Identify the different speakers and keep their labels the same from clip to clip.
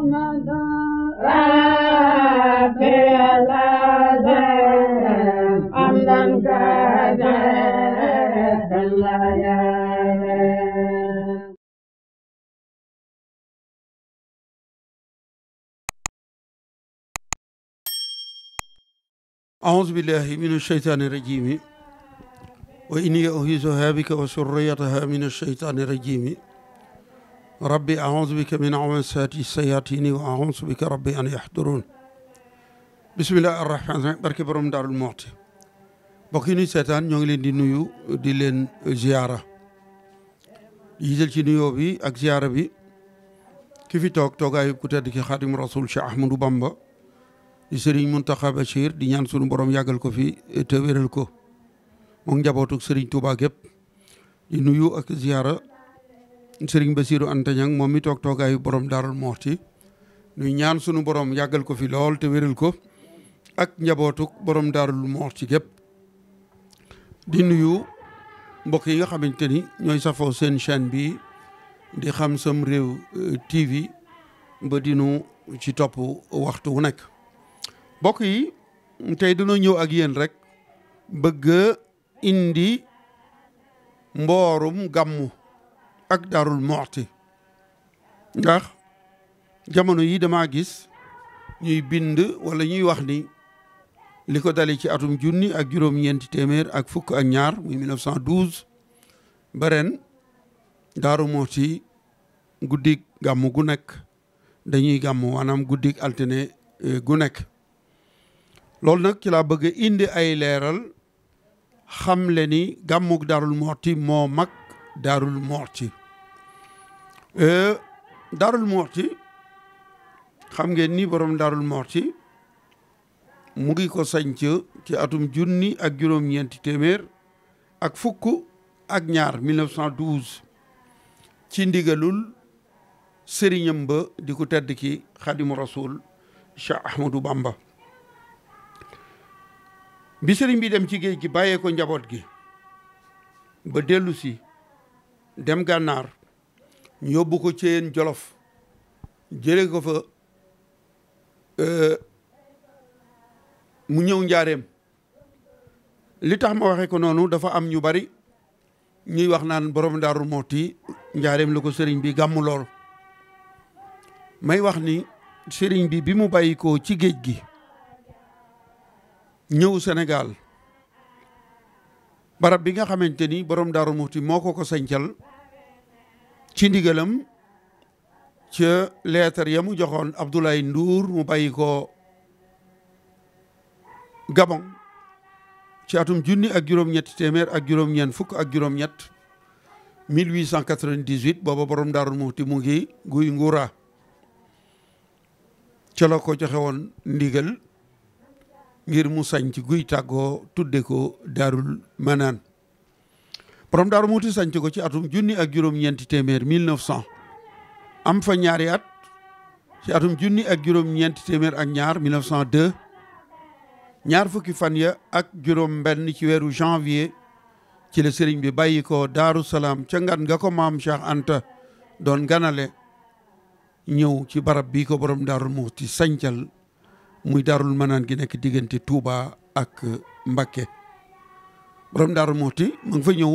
Speaker 1: أعوذ بالله من الشيطان الرجيم وإني أهيزها بك وسريتها من الشيطان الرجيم ربي أعوذ بك من عمسات السياتين وأعوذ بك ربي أن يحضرون بسم الله الرحمن الرحيم بركة برم دار الموت بقيني ستان يونغلين دي نيو دي لين زيارة يجل شي نيو بي اك زيارة بي كيفي توك توك ايب كتا دي خاتم رسول شي أحمد بامبا دي سرين منتخى بشير دي نيان سنو برم ياغل كو في تبير الكو مونج جابوتوك سرين توبا كيب دي نيو اك زيارة Serigne Bassirou Anta Niang moom mi toog toogaayu borom Darou Mouhty nuy ñaan sunu borom yàggal ko fi lool te wéral ko ak njabootuk borom Darou Mouhty gépp di nuyu mbokk yi nga xamante ni ñooy safoo seen chaîne bi di Xam Sam Réew euh, TV ba dinu ci topp waxtu wu nekk mbokk yi tey dina ñëw ak yéen rek bëgg indi mboorum gàmmu ak Daarul Muxti ndax jamono yi dama gis ñuy bind walla ñuy wax ni li ko dale ci atum junni ak juróom-ñeenti téeméer ak fukk ak ñaar muy 1912 ba ren Daaru Muxti guddig gàmm gu nekk dañuy gàmm maanaam guddig altine eh, gu nekk loolu nag kila bëgg indi ay leeral xam le ni gàmmug Daarul Muxti moo mag Daarul Muxti Euh, Daarul Muxti xam ngeen ni borom Daarul Muxti mu ngi ko sanc ci atum junni ak juróom-ñeenti téeméer ak fukk ak ñaar 1912 ci ndigalul sëriñam ba di ko tedd ki xadimu rasul Cheikh Ahmadou Bamba bi sëriñ bi dem ci géej gi bàyyee ko njaboot gi ba dellu si dem gànnaar yóbbu ko ceen jolof jële ko fa e, mu ñëw njaareem li tax ma ko dafa am ñu bari ñuy wax naan borom daaru mooti njaareem la ko sëriñ bi gàmmu lool may wax ni sëriñ bi bi mu bàyyi ko ci géej gi ñëw Sénégal barab bi nga ni borom daaru mooti moo ko ci ndigalam ca leetar ya mu joxoon Abdoulaye Ndour mu bàyyi ko Gabon ci atum junni ak juróom-ñett téeméer ak juróom-ñeent fukk ak juróom-ñett 1898 borom Daaru Muxti mu ngi guy nguura ca la ko joxe ndigal ngir mu sañ guy tàggoo tudde ko Daarul Manaan borom daaru muuti sanc ko ci atum junni ak juróom-ñeenti téeméer 1900 am fa ñaari at ci atum junni ak juróom-ñeenti téeméer ak ñaar 1902 ñaar fukki fan ya ak juróom benn ci weeru janvier ci la sëriñ bi bàyyi ko daaru salaam ca ngan nga ko maam Cheikh Anta doon ganale ñëw ci barab bii ko borom daarul muuti sancal muy daarul manaan gi nekk diggante Touba ak Mbakke borom daarul muuti mu ngi fa ñëw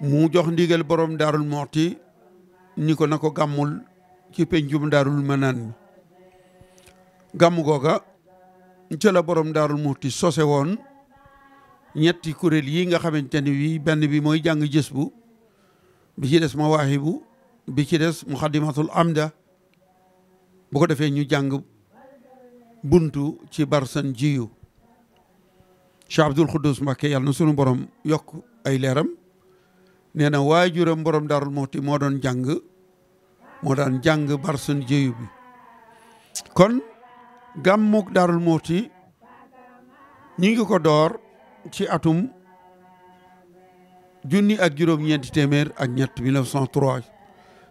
Speaker 1: mu jox ndiigal borom daarul moxti ni ko na ko gàmmul ci penjum daarul manaan mi gàmm googa ca la borom daarul moxti sose woon ñetti kuréel yi nga xamante ni bi benn bi mooy jàng jës bu bi ci des mawaahibu bi ci des muxadimatul amda bu ko defee ñu jàng buntu ci barsan jiyu Cheikh Abdul Xuddus Mbàkke yàlla na sunu borom yokk ay leeram nee na waajuram borom Darou Mouhty moo doon jàng moo daan jàng barsun jéyu bi kon gàmmuk Darou Mouhty ñu ngi ko door ci atum junni ak juróom-ñeenti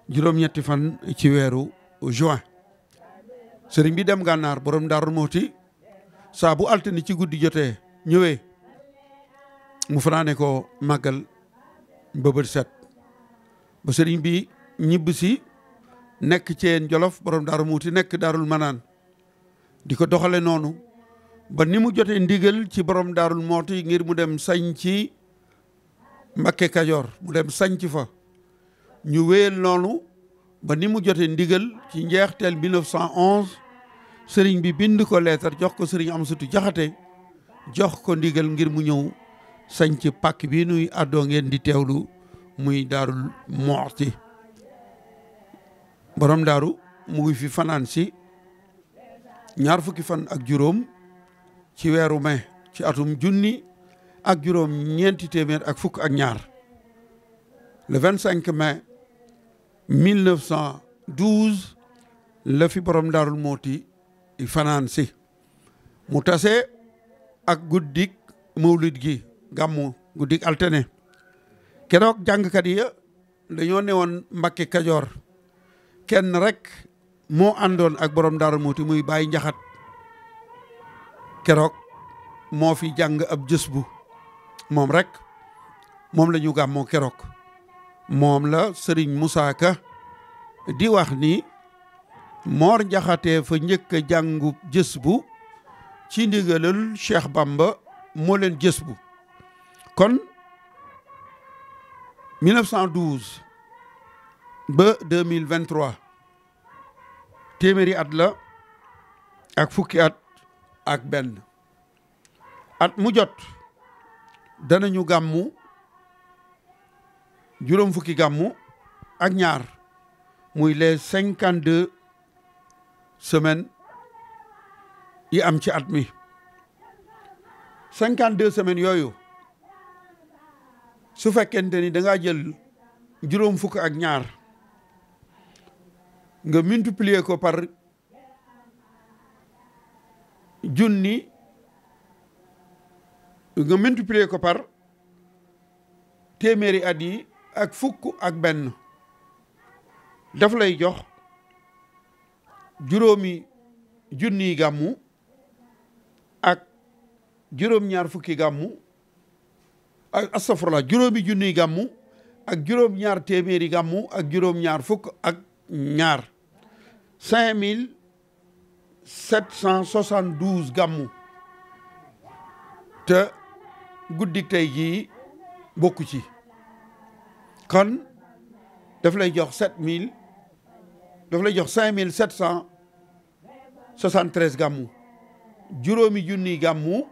Speaker 1: ñetti fan ci weeru juin sëriñ bi dem gànnaar borom Darou Mouhty saa bu altine ci guddi jotee ñëwee mu fanaane ko màggal ba bët set bi ñibb nek ci en jolof borom daru muti nek darul manan, di doxale nonu ba ni mu ndigal ci borom darul moti ngir mu dem sañ ci mbakke kajoor mu dem sañ ci fa ñu wéel nonu ba ni mu jotee ndigal ci njeexteel 1911 serigne bi bind ko lettre jox ko serigne Amsatu Jaxate jox ko ndigal ngir mu ñew sañc pàkk bi nuy àddoo ngeen di teewlu muy daarul moxti borom daaru mu ngi fi fanaan si ñaar fukki fan ak juróom ci weeru mai ci atum junni ak juróom ñeenti téeméer ak fukk ak ñaar le vingt cinq mai mille neuf cent borom daarul mooti fanaan si mu tase ak guddik mawlid gi gàmmu guddik altine kerok jàngkat yi dañoo neon Mbàkke Kajoor kenn rek moo andon ak borom Daaru Muuti muy Baay Njaxat keroog moo fi jang ab jusbu bu rek moom la ñu gàmmoo keroog moom la sëriñ Moussa Ka di wax ni Moor Njaxate fa njëkk a ci Cheikh Bamba moo len jusbu kon 1912 ba 2023 téeméeri at la ak fukki at ak benn at mu jot ñu gàmmu juróom fukki gàmmu ak ñaar muy les cinquante deux semaine yi am ci at mi cinquante deux semaines yooyu su fekkente ni da jël juróom fukk ak ñaar nga multiplier ko par junni nga multiplier ko par téeméeri at yi ak fukk ak benn daf lay jox juróomi junniy gàmmu ak juróom-ñaar fukki gàmmu ak astafurlah juróomi junniy gàmmu ak juróom ñaar téeméeri gàmmu ak juróom ñaar fukk ak ñaar cinq mille sept cent soixante douze gàmmu te guddik tey jii bokku ci kon daf lay jox sept mille daf lay jox cinq mille sept cent soixante treize gàmmu juróomi junniy gàmmu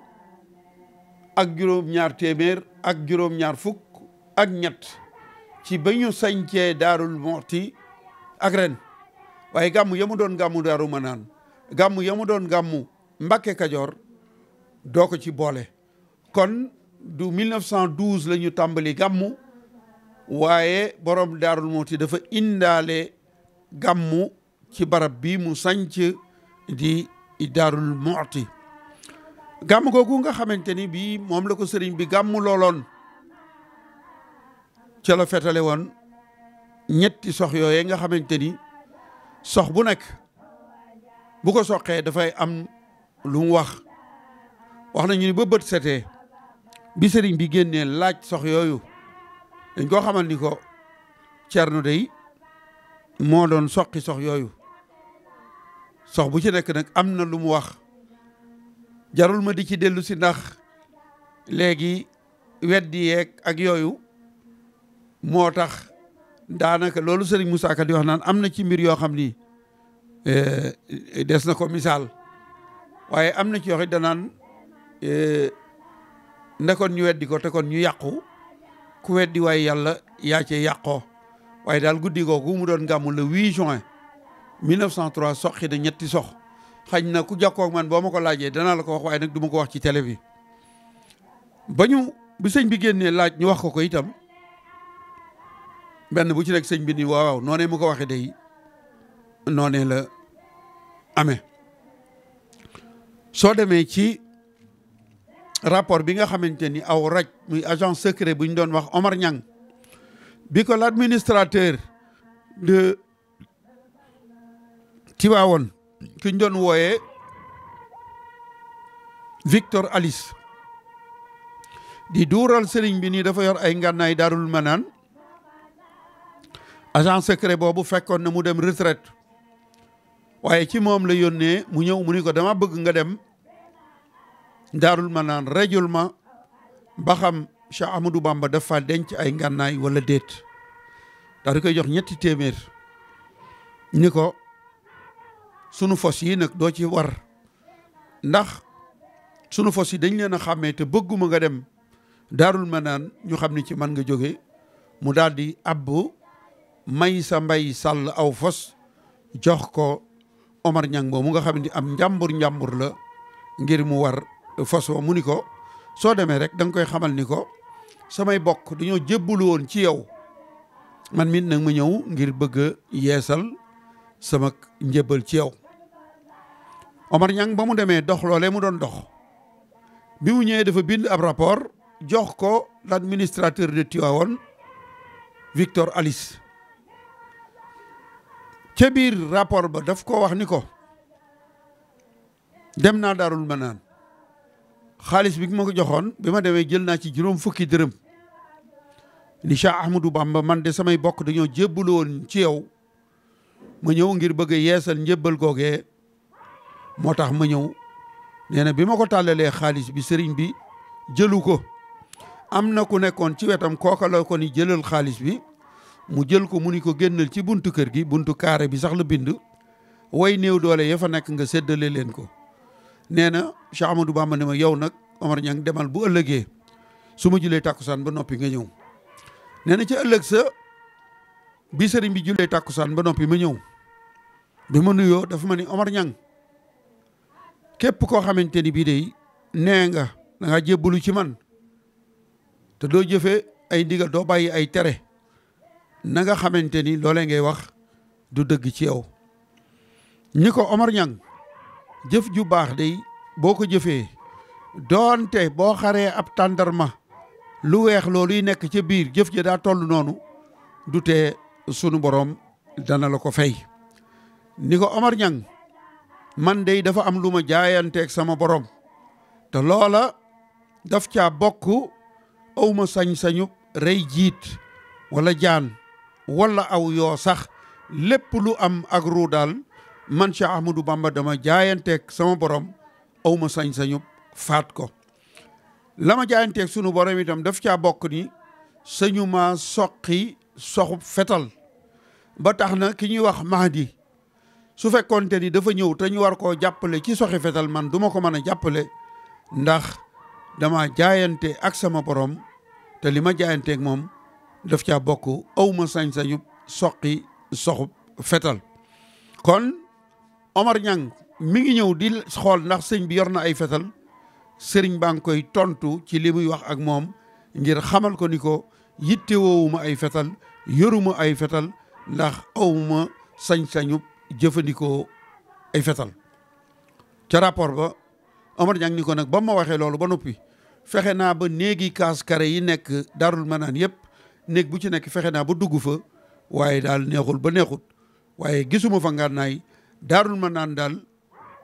Speaker 1: ak juróom-ñaar téeméer ak juróom-ñaar fukk ak ñett ci ba ñu sañcee daarul moxti ak ren waaye gàmmu ya doon gàmmu daaru manaan gàmmu ya doon gàmmu Mbàkke Kajoor doo ko ci boole kon du 1912 la tàmbali gàmmu waaye boroom daarul moxti dafa indaale gàmmu ci barab bii mu sañc di daarul moxti gàmm kooku nga xamante ni bii moom la ko sëriñ bi gàmm looloon ca la fetale woon ñetti sox yooye nga xamante ni sox bu nekk bu ko soqee dafay am lu mu wax wax nañu ni ba bët setee bi sëriñ bi génnee laaj sox yooyu dañ koo xamal ni ko cerno dey moo doon soqi sox yooyu sox bu ci nekk nag am na lu mu wax jarul ma di ci dellu si ndax léegi weddi yeeg ak yooyu moo tax daanaka loolu Serigne Moussa Ka di wax naan am na ci mbir yoo xam ni eh, des na ko misaal waaye am na ci yoo danaan danaan eh, nekkoon ñu weddi ko te kon ñu yàqu ku weddi waaye yàlla yaa cee yàqoo waaye daal guddi googu mu doon gàmmu le 8 juin 1903 soxi na ñetti sox xañ na ku jàkkoo man boo ma ko laajee danaa la ko wax waaye nag du ma ko wax ci télé bi ba ñu bu sëñ bi génnee laaj ñu wax ko ko itam benn bu ci rek sëñ bi ni waaw noonee mu ko waxee day noonee la ame soo demee ci rapport bi nga xamante ni aw raj muy agent secret bu ñu doon wax Omar Niang bi ko l'administrateur de Tivaouane ki ñu doon wooye Victor Alice di duural sëriñ bi nii dafa yor ay ngànnaay daarul manaan agent secret boobu fekkoon na mu dem retraite waaye ci moom la yónnee mu ñëw mu ni ko dama bëgg nga dem daarul manaan rejul ma ba xam Cheikh Amadou Bamba dafa denc ay ngànnaay wala déet daal koy jox ñetti téeméer ni ko sunu fos yi nag doo ci war ndax sunu fos yi dañ leen a xàmmee te bëgguma nga dem daarul naan ñu xam ni ci man nga jóge mu daal di abbu may sa mbay sàll aw fos jox ko Omar Ñang boobu nga xam ni am njàmbur njàmbur la ngir mu war fos wa mu ni ko soo demee rek danga koy xamal ni ko samay bokk dañoo jébbalu woon ci yow man mit nag ma ñëw ngir bëgg yeesal sama njëbbal ci yow Omar Nyang ba mu demee dox loolee mu doon dox bi mu ñëwee dafa bind ab rapport jox ko l'administrateur de Tiwawon Victor Alice ca biir rapport ba daf ko wax ni ko dem naa daarul manaan xaalis bi ma ko joxoon bi ma demee jël naa ci juróom fukki dërëm ni Cheikh Ahmadou Bamba man de samay bokk dañoo jébbalu woon ci yow ma ñëw ngir bëgg yeesal googee moo tax ma ñëw nee na bi ma ko tàllalee xaalis bi sëriñ bi jëlu ko am na ku nekkoon ci wetam kooka ko ni jëlal xaalis bi mu jël ko mu ni ko génnal ci buntu kër gi buntu carré bi sax la bind way néew doole yi fa nekk nga séddale leen ko nee na Cheikh Amadou Bamba ne ma yow nag Omar Niang demal bu ëllëgee su ma julee tàkkusaan ba noppi nga ñëw nee na ci ëllëg sa bi sëriñ bi julee tàkkusaan ba noppi ma ñëw bi ma nuyoo dafa ma ni Omar Niang képp koo xamante ni bii day nee nga da ngaa jébbalu ci man te doo jëfe ay ndigal doo bàyyi ay tere na nga xamante ni loole ngay wax du dëgg ci yow ñi ko Omar Niang jëf ju baax day boo ko jëfee doonte boo xaree ab tàndarma lu weex looluy nekk ca biir jëf ja daa toll noonu du tee sunu boroom dana la ko fay ni ko Omar Niang man dey dafa am lu ma jaayanteeg sama borom te loola daf caa bokk awma sañ-sañu rey jiit walla jaan wala aw yoo sax lépp lu am ak ru daal man Cheikh du Bamba dama jaayanteeg sama borom awma sañ-sañu faat ko la ma jaayanteeg sunu borom itam daf caa bokk ni sañu ma soqi soxub fetal ba tax na ki ñuy wax Mahdi su fekkoonte ni dafa ñëw te ñu war koo jàppale ci soxi fetal man duma ko mën a jàppale ndax dama jaayante ak sama borom te li ma jaayanteek moom daf caa bokk awma sañ-sañub soqi soxub fetal kon Omar Ñang mi ngi ñëw di xool ndax sëñ bi yor na ay fetal sëriñ baa ngi koy tontu ci li muy wax ak moom ngir xamal ko ni ko yitte woowuma ay fetal yoruma ay fetal ndax awma sañ-sañub jëfandikoo ay fetal ca rapport ba Omar Niang ni ko nag bam ma waxee loolu ba noppi fexe naa ba néegi kaas kare yi nekk daarul manaan yëpp néeg bu ci nekk fexe naa ba dugg fa waaye daal neexul ba neexut waaye gisuma fa ngànnaay daarul manaan daal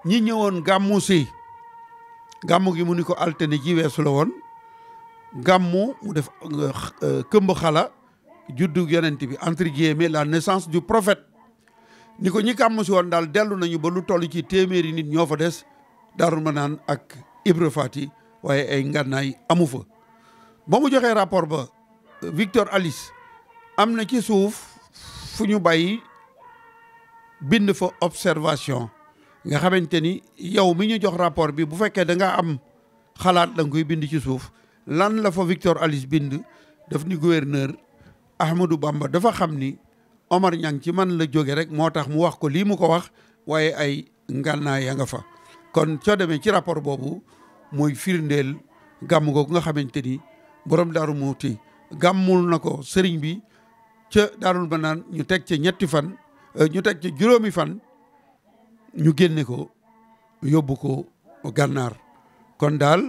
Speaker 1: ñi ñëwoon gàmmu si gàmmu gi mu ni ko altine ji weesu la woon gàmmu mu def euh, euh, këmb xala juddu yonent bi entre guillemets la naissance du prophète ni ko ñi gàmm si woon daal dellu nañu ba lu tollu ci téeméeri nit ñoo fa des Daaru naan ak Ibra Fati waaye ay ngànnaay amu fa ba mu joxee rapport ba Victor Alice am na ci suuf fu ñu bay bind fa observation nga xamante ni yow mi ñu jox rapport bi bu fekkee da nga am xalaat danga koy bind ci suuf lan la fa Victor Alice bind daf ni gouverneur Ahmadou Bamba dafa xam ni Omar Niang ci man la jóge rek moo tax mu wax ko lii mu ko wax waaye ay ngànnaay ya nga fa kon soo demee ci rapport boobu mooy firndeel gàmm googu nga xamante ni boroom daaru muuti gàmmul na ko sëriñ bi ca daarul ba ñu teg ca ñetti fan euh, ñu teg ca juróomi fan ñu génne ko yóbbu ko gànnaar kon daal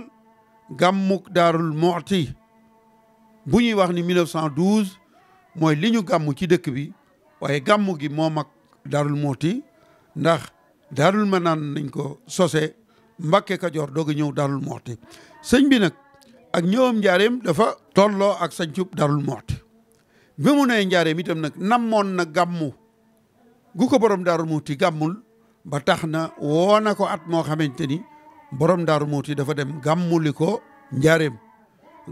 Speaker 1: gàmmuk daarul muuti bu ñuy wax ni 1912 mooy li ñu gàmm ci dëkk bi waaye gàmmu gi moo mag daarul mooti ndax daarul naan nañ ko sose Mbàkke Kajoor doog a ñëw daarul mooti sëñ bi nag ak ñëwam njaareem dafa tolloo ak sañcub daarul mooti bi mu nee njaareem itam nag namoon na gàmmu gu ko borom daarul mooti gàmmul ba tax na woo na ko at moo xamante ni borom daaru muuti dafa dem gàmmuli ko njaareem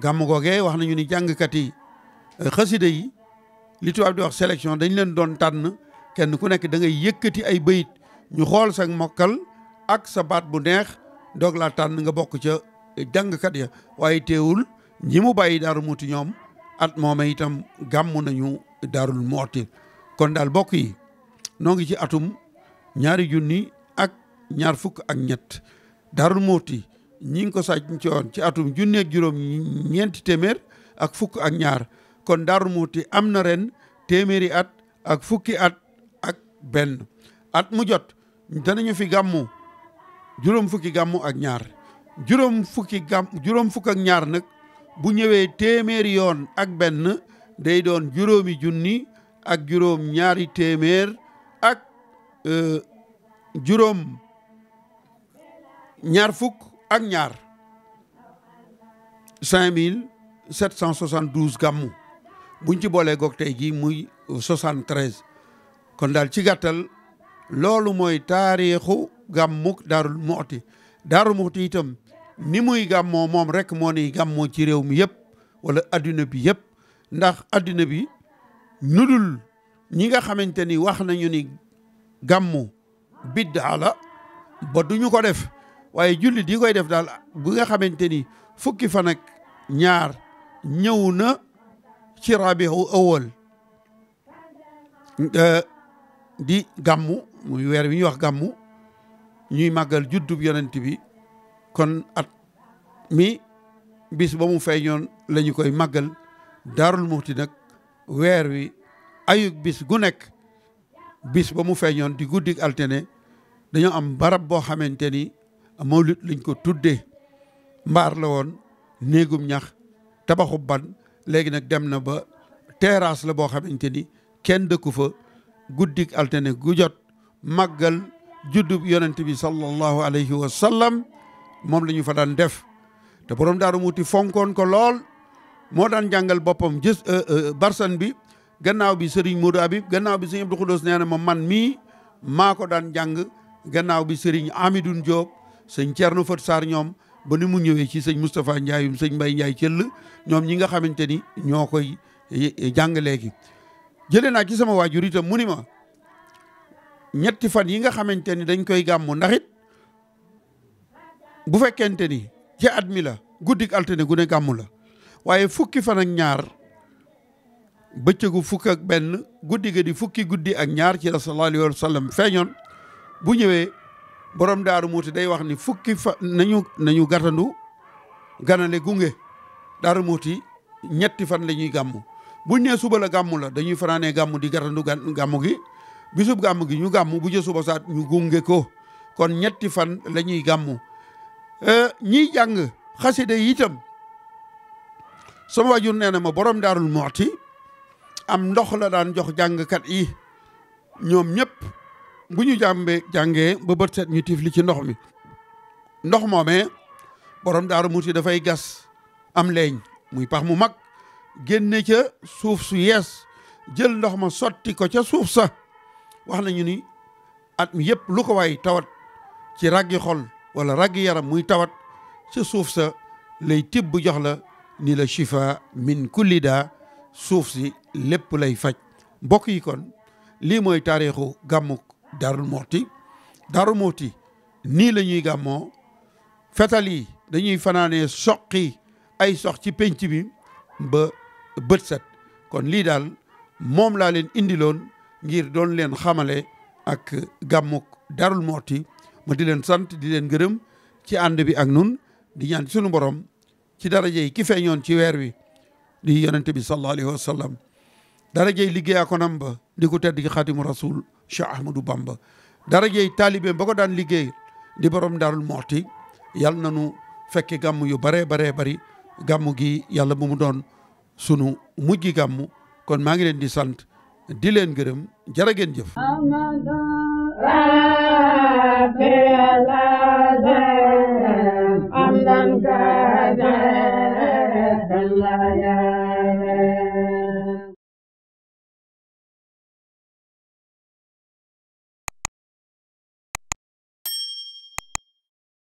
Speaker 1: gàmm googee wax nañu ni jàngkat yi xasida yi li tubaab di wax sélection dañu leen doon tànn kenn ku nekk da ngay yëkkati ay bëyit ñu xool sa mokkal ak sa baat bu neex doog laa tànn nga bokk ca jàngkat ya waaye teewul ñi mu bàyyi daaru muuti ñoom at mooma itam gàmm nañu daarul mooti kon daal bokk yi noo ngi ci atum ñaari junni ak ñaar fukk ak ñett daarul mooti ñi ngi ko sàcc ci woon ci atum junni juróom ñeenti téeméer ak fukk ak ñaar kon Daaru Muhti am na ren téeméeri at ak fukki at ak benn at mu jot danañu fi gàmmu juróom fukki gàmmu ak ñaar juróom fukki gàmm juróom fukk ak ñaar nag bu ñëwee téeméeri yoon ak benn day doon juróomi junni ak juróom ñaari téeméer ak euh, juróom ñaar fukk ak ñaar cinq mille sept cent soixante-douze gàmmu buñ ci boolee goog tey jii muy 73 kon daal ci gàttal loolu mooy taarixu gàmmuk daarul muxti daarul muxti itam ni muy gàmmoo moom rek moo ni gàmmoo ci réew mi yëpp wala adduna bi yëpp ndax adduna bi dul ñi nga xamante ni wax nañu ni gàmmu biddaa ala ba duñu ko def waaye jullit di koy def daal bi nga xamante ni fukki fa ak ñaar ñëw na ci rabiu awal eh, di gàmmu weer wi ñuy wax gàmmu ñuy màggal juddub yonent bi kon at mi bis ba mu feeñoon lañu koy màggal daarul muxti nag weer wi ayug bis gu nekk bis ba mu feeñoon di guddik altine dañoo am barab boo xamante ni mawlit lañ ko tuddee mbaar la woon néegum ñax tabaxu ban Lagi nak dem na ba terrasse la bo xamanteni ni kenn dëkku fa guddik altene gu jot màggal juddub yonent bi sallallahu alayhi wa sallam mom lañu fa dan def te borom daaru muti fonkon ko lool moo daan jàngal boppam jës euh, euh, barsan bi gannaaw bi Serigne Modou Habib gannaaw bi Serigne Abdou mi neena na man mi mako dan jang gannaaw bi Serigne Amidoune Diop serigne tierno Fat ba ni mu ñëwee ci sëñ Moustapha Ndiaye um sëñ Mbaye Ndiaye cëll ñoom ñi nga xamante ni ñoo koy eh, eh, jàng gi jëlee naa ci sama waajur itam mu ni ma ñetti fan yi nga xamante ni dañ koy gàmmu ndax it bu fekkente ni ci at mi la guddik altine gu gàmmu la waaye fukki fan ak ñaar bëccëgu fukk ak benn guddi ga di fukki guddi ak ñaar ci la sallallahu alayhi feeñoon bu ñëwee borom daaru muuti day wax ni fukki fa nañu nañu gàttandu ganale gunge daaru muuti ñetti fan la ñuy gàmm buñ suba la gàmm la dañuy fanaanee gàmmu di gàttandu gàmmu gi bisub gàmm gi ñu gàmm bu jë suba saat ñu gunge ko kon ñetti fan lañuy gàmmu gàmm jàng xasida yi itam sama wajur nee na ma borom daarul mooti am ndox la daan jox jàngkat yi ñoom ñëpp bu ñu jàmbee jàngee ba bët set ñu tifli ci ndox mi ndox moomee borom daaru muti dafay gas am leeñ muy pax mu mag génne ca suuf su yees jël ndox ma sotti ko ca suuf sa wax nañu ni at mi yëpp lu ko waay tawat ci raggi xol wala raggi yaram muy tawat ca suuf sa lay tibb jox la ni la chifa min kulli suuf si lépp lay faj mbokk yi kon lii mooy taarixu gàmmuk daarul moxti daarul moxti nii lañuy gàmmoo fetal yi dañuy fanaanee soqi ay sox ci pénc bi ba bët set kon lii daal moom laa leen indiloon ngir doon leen xamale ak gàmmuk daarul moxti ma di leen sant di leen gërëm ci ànd bi ak nun di ñaan sunu borom ci daraje yi ki feeñoon ci weer wi di yonente bi sallallahu alayhi wa sallam darajey liggéeyaa ko nam ba di ko tedd ki xaatimu rasul Cheikh Ahmadou Bamba darajey taalibe ba ko dan liggéey di borom darul morti yal nanu fekke gamu yu bare bare bari gàmm gi yalla bu mu don sunu mujji gamu. kon ma ngi len di sante di len jëf